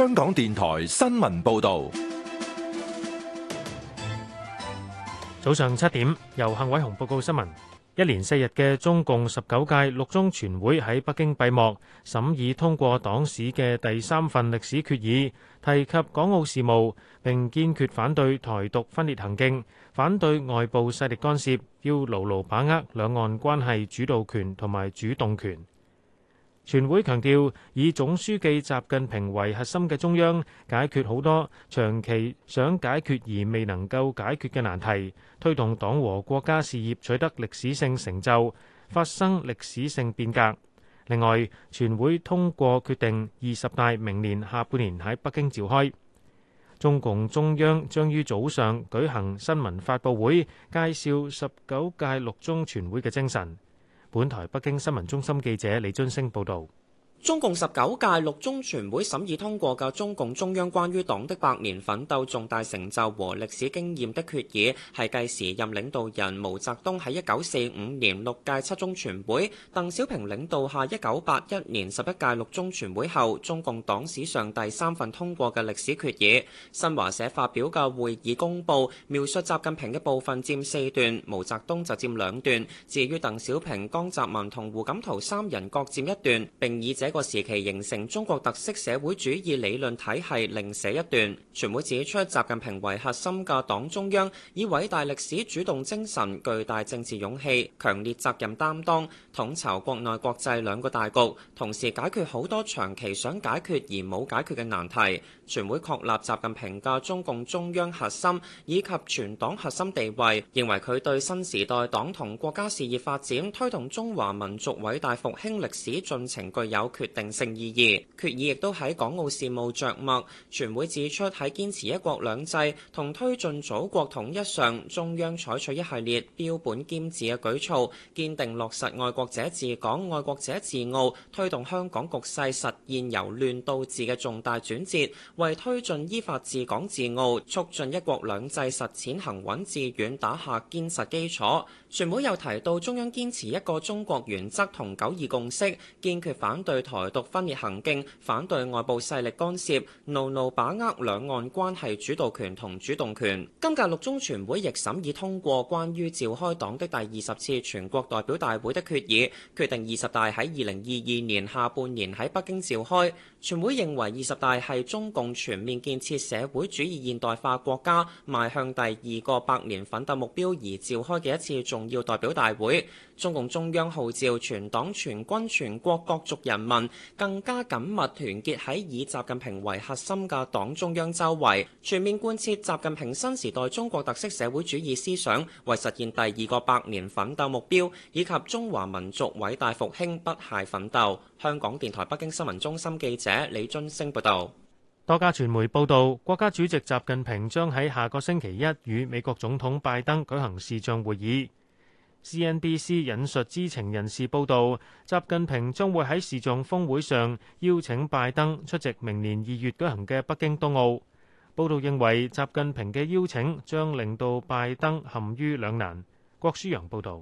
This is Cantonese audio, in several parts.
香港電台新聞報道，早上七點，由幸偉雄報告新聞。一連四日嘅中共十九屆六中全會喺北京閉幕，審議通過黨史嘅第三份歷史決議，提及港澳事務，並堅決反對台獨分裂行徑，反對外部勢力干涉，要牢牢把握兩岸關係主導權同埋主動權。全會強調，以總書記習近平為核心嘅中央，解決好多長期想解決而未能夠解決嘅難題，推動黨和國家事業取得歷史性成就、發生歷史性變革。另外，全會通過決定，二十大明年下半年喺北京召開。中共中央將於早上舉行新聞發佈會，介紹十九屆六中全會嘅精神。本台北京新聞中心記者李津升報道。中共十九屆六中全會審議通過嘅中共中央關於黨的百年奮鬥重大成就和歷史經驗的決議，係繼時任領導人毛澤東喺1945年六屆七中全會、鄧小平領導下1981年十一屆六中全會後，中共黨史上第三份通過嘅歷史決議。新華社發表嘅會議公報描述習近平嘅部分佔四段，毛澤東就佔兩段，至於鄧小平、江澤民同胡錦濤三人各佔一段，並以這呢個時期形成中國特色社會主義理論體系，另寫一段。全會指出，習近平為核心嘅黨中央，以偉大歷史主動精神、巨大政治勇氣、強烈責任擔當，統籌國內國際兩個大局，同時解決好多長期想解決而冇解決嘅難題。全會確立習近平嘅中共中央核心以及全黨核心地位，認為佢對新時代黨同國家事業發展、推動中華民族偉大復興歷史進程具有決定性意義。決議亦都喺港澳事務著墨。全會指出喺堅持一國兩制同推進祖國統一上，中央採取一系列標本兼治嘅舉措，堅定落實愛國者治港、愛國者治澳，推動香港局勢實現由亂到治嘅重大轉折。為推進依法治港治澳，促進一國兩制實踐行穩致遠，打下堅實基礎。全會又提到，中央堅持一個中國原則同九二共識，堅決反對台獨分裂行徑，反對外部勢力干涉，牢牢把握兩岸關係主導權同主動權。今屆六中全會亦審議通過關於召開黨的第二十次全國代表大會的決議，決定二十大喺二零二二年下半年喺北京召開。全會認為，二十大係中共全面建設社會主義現代化國家，邁向第二個百年奮鬥目標而召開嘅一次重要代表大會，中共中央號召全黨全軍全國各族人民更加緊密團結喺以習近平為核心嘅黨中央周圍，全面貫徹習近平新時代中國特色社會主義思想，為實現第二個百年奮鬥目標以及中華民族偉大復興不懈奮鬥。香港電台北京新聞中心記者李津升報道。多家傳媒報道，國家主席習近平將喺下個星期一與美國總統拜登舉行視像會議。CNBC 引述知情人士報道，習近平將會喺視像峰會上邀請拜登出席明年二月舉行嘅北京冬奧。報道認為，習近平嘅邀請將令到拜登陷於兩難。郭舒陽報導。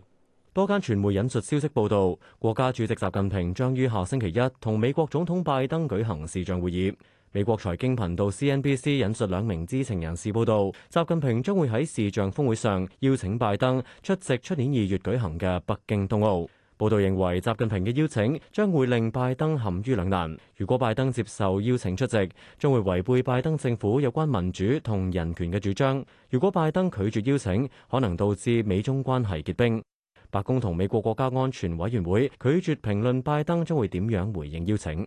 多間傳媒引述消息報道，國家主席習近平將於下星期一同美國總統拜登舉行視像會議。美國財經頻道 CNBC 引述兩名知情人士報道，習近平將會喺視像峰會上邀請拜登出席出年二月舉行嘅北京冬奧。報道認為，習近平嘅邀請將會令拜登陷於兩難：如果拜登接受邀請出席，將會違背拜登政府有關民主同人權嘅主張；如果拜登拒絕邀請，可能導致美中關係結冰。白宮同美國國家安全委員會拒絕評論拜登將會點樣回應邀請。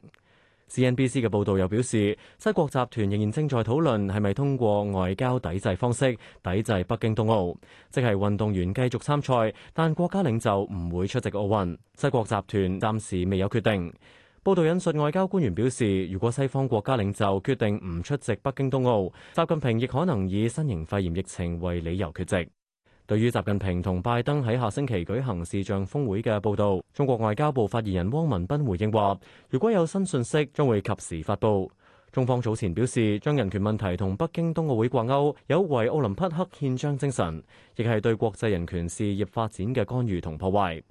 CNBC 嘅報道又表示，七國集團仍然正在討論係咪通過外交抵制方式抵制北京冬奧，即係運動員繼續參賽，但國家領袖唔會出席奧運，七國集團暫時未有決定。報道引述外交官員表示，如果西方國家領袖決定唔出席北京冬奧，習近平亦可能以新型肺炎疫情為理由缺席。對於習近平同拜登喺下星期舉行視像峰會嘅報道，中國外交部發言人汪文斌回應話：如果有新信息，將會及時發布。中方早前表示，將人權問題同北京冬奧會掛鈎，有違奧林匹克憲章精神，亦係對國際人權事業發展嘅干預同破壞。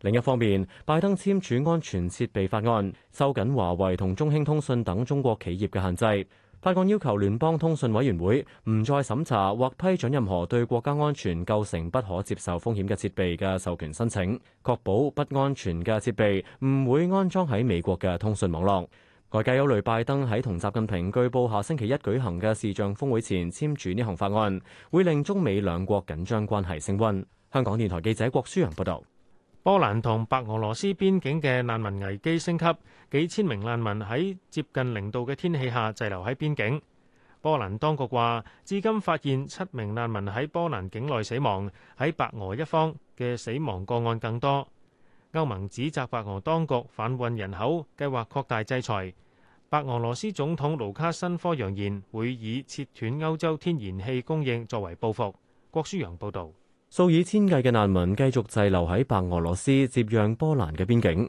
另一方面，拜登簽署安全設備法案，收緊華為同中興通訊等中國企業嘅限制。法案要求聯邦通訊委員會唔再審查或批准任何對國家安全構成不可接受風險嘅設備嘅授權申請，確保不安全嘅設備唔會安裝喺美國嘅通訊網絡。外界憂慮拜登喺同習近平據報下星期一舉行嘅視像峰會前簽署呢項法案，會令中美兩國緊張關係升温。香港電台記者郭舒洋報道。波蘭同白俄羅斯邊境嘅難民危機升級，幾千名難民喺接近零度嘅天氣下滯留喺邊境。波蘭當局話，至今發現七名難民喺波蘭境內死亡，喺白俄一方嘅死亡個案更多。歐盟指責白俄當局販運人口，計劃擴大制裁。白俄羅斯總統盧卡申科揚言會以切斷歐洲天然氣供應作為報復。郭舒陽報導。數以千計嘅難民繼續滯留喺白俄羅斯接壤波蘭嘅邊境，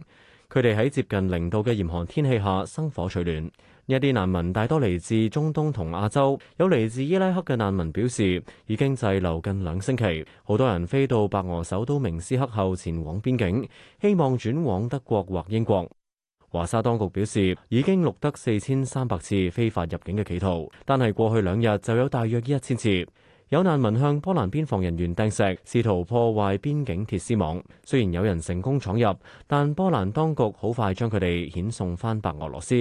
佢哋喺接近零度嘅嚴寒天氣下生火取暖。一啲難民大多嚟自中東同亞洲，有嚟自伊拉克嘅難民表示已經滯留近兩星期。好多人飛到白俄首都明斯克後前往邊境，希望轉往德國或英國。華沙當局表示已經錄得四千三百次非法入境嘅企圖，但係過去兩日就有大約一千次。有難民向波蘭邊防人員掟石，試圖破壞邊境鐵絲網。雖然有人成功闖入，但波蘭當局好快將佢哋遣送返白俄羅斯。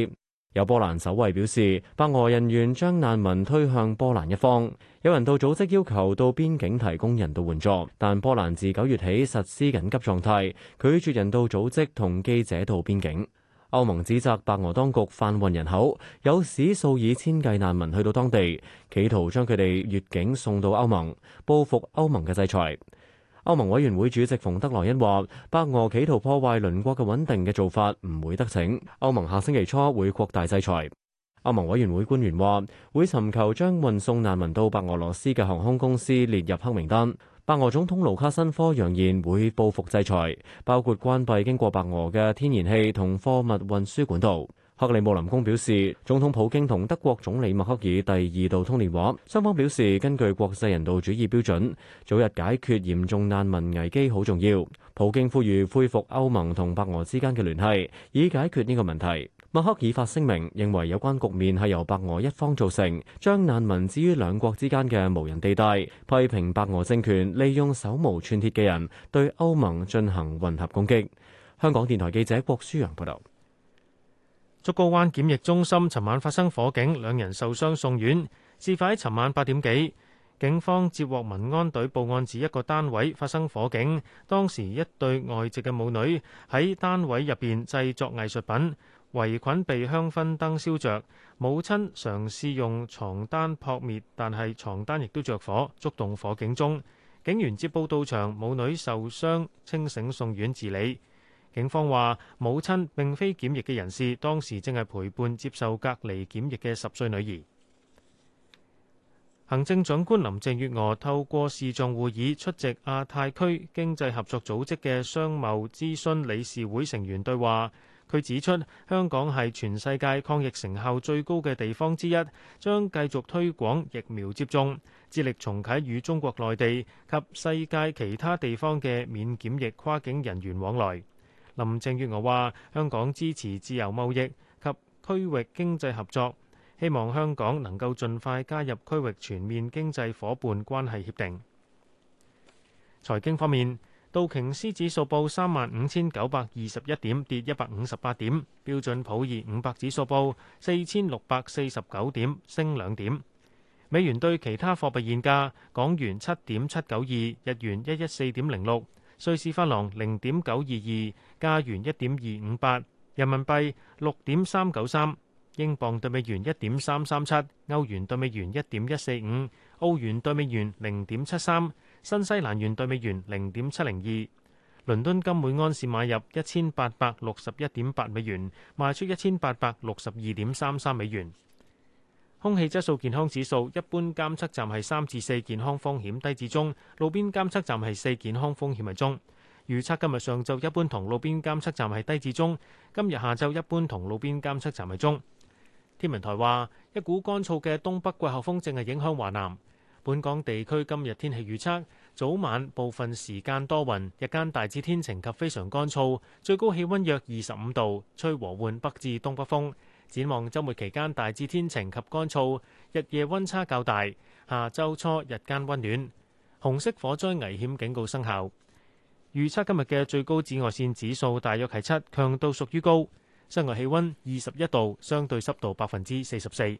有波蘭守衛表示，白俄人員將難民推向波蘭一方。有人道組織要求到邊境提供人道援助，但波蘭自九月起實施緊急狀態，拒絕人道組織同記者到邊境。歐盟指責白俄當局販運人口，有史數以千計難民去到當地，企圖將佢哋越境送到歐盟，報復歐盟嘅制裁。歐盟委員會主席馮德萊恩話，白俄企圖破壞鄰國嘅穩定嘅做法唔會得逞。歐盟下星期初會擴大制裁。歐盟委員會官員話，會尋求將運送難民到白俄羅斯嘅航空公司列入黑名單。白俄總統盧卡申科揚言會報復制裁，包括關閉經過白俄嘅天然氣同貨物運輸管道。克里姆林宮表示，總統普京同德國總理默克爾第二度通電話，雙方表示根據國際人道主義標準，早日解決嚴重難民危機好重要。普京呼籲恢復歐盟同白俄之間嘅聯繫，以解決呢個問題。默克爾已發聲明，認為有關局面係由白俄一方造成，將難民置於兩國之間嘅無人地帶，批評白俄政權利用手無寸鐵嘅人對歐盟進行混合攻擊。香港電台記者郭舒陽報道：竹篙灣檢疫中心尋晚發生火警，兩人受傷送院。事發喺尋晚八點幾，警方接獲民安隊報案，指一個單位發生火警，當時一對外籍嘅母女喺單位入邊製作藝術品。圍裙被香薰燈燒着，母親嘗試用床單撲滅，但係床單亦都着火，觸動火警鐘。警員接報到場，母女受傷，清醒，送院治理。警方話，母親並非檢疫嘅人士，當時正係陪伴接受隔離檢疫嘅十歲女兒。行政長官林鄭月娥透過視像會議出席亞太區經濟合作組織嘅商貿諮詢理事會成員對話。佢指出，香港係全世界抗疫成效最高嘅地方之一，將繼續推廣疫苗接種，致力重啟與中國內地及世界其他地方嘅免檢疫跨境人員往來。林鄭月娥話，香港支持自由貿易及區域經濟合作，希望香港能夠盡快加入區域全面經濟夥伴關係協定。財經方面。道瓊斯指數報三萬五千九百二十一點，跌一百五十八點。標準普爾五百指數報四千六百四十九點，升兩點。美元對其他貨幣現價：港元七點七九二，日元一一四點零六，瑞士法郎零點九二二，加元一點二五八，人民幣六點三九三，英鎊對美元一點三三七，歐元對美元一點一四五，澳元對美元零點七三。新西蘭元對美元零點七零二，倫敦金每盎司買入一千八百六十一點八美元，賣出一千八百六十二點三三美元。空氣質素健康指數，一般監測站係三至四健康風險低至中，路邊監測站係四健康風險為中。預測今日上晝一般同路邊監測站係低至中，今日下晝一般同路邊監測站係中。天文台話，一股乾燥嘅東北季候風正係影響華南。本港地區今日天氣預測：早晚部分時間多雲，日間大致天晴及非常乾燥，最高氣溫約二十五度，吹和緩北至東北風。展望週末期間大致天晴及乾燥，日夜溫差較大。下周初日間溫暖。紅色火災危險警告生效。預測今日嘅最高紫外線指數大約係七，強度屬於高。室外氣溫二十一度，相對濕度百分之四十四。